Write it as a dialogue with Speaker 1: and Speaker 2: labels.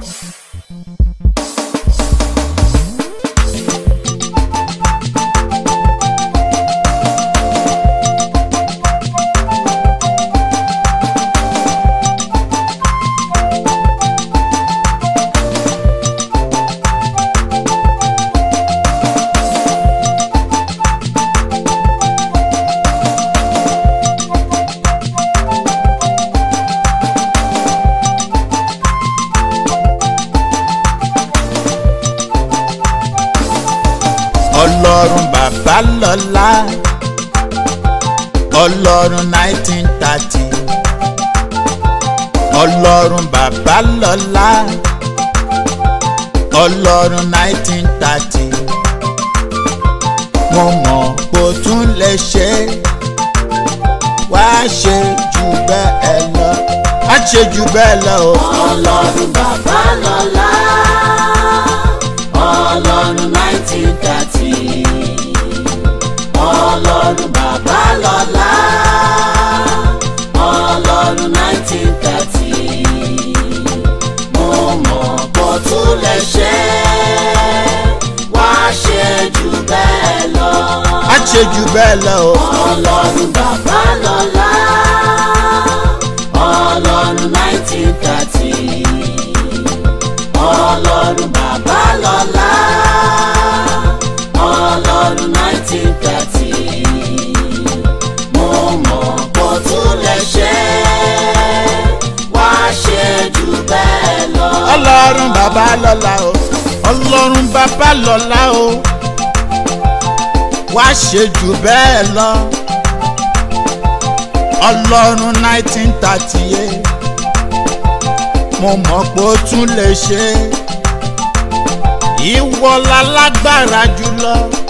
Speaker 1: Thank you. ọlọ́run bàbá lọ́lá ọlọ́run nineteen thirty ọlọ́run bàbá lọ́lá ọlọ́run nineteen thirty mo mọ̀ kó tún lè ṣe wá ṣe jù bẹ́ẹ̀ lọ wá ṣe jù bẹ́ẹ̀ lọ. ọlọ́run
Speaker 2: bàbá lọ́lá. ṣe jù bẹ́ẹ̀ lọ o. ọlọ́run bàbá lọ́lá ọlọ́run nineteen thirty
Speaker 3: ọlọ́run bàbá lọ́lá ọlọ́run nineteen thirty mo mọ̀
Speaker 1: kó tún lè ṣe wá ṣe jù bẹ́ẹ̀ lọ. ọlọ́run bàbá lọ́lá o ọlọ́run bàbá lọ́lá o wá ṣe jù bẹ́ẹ̀ lọ ọlọ́run nineteen thirty eight mo mọ̀
Speaker 4: pé ó tún lè ṣe ìwọ lálágbára jùlọ.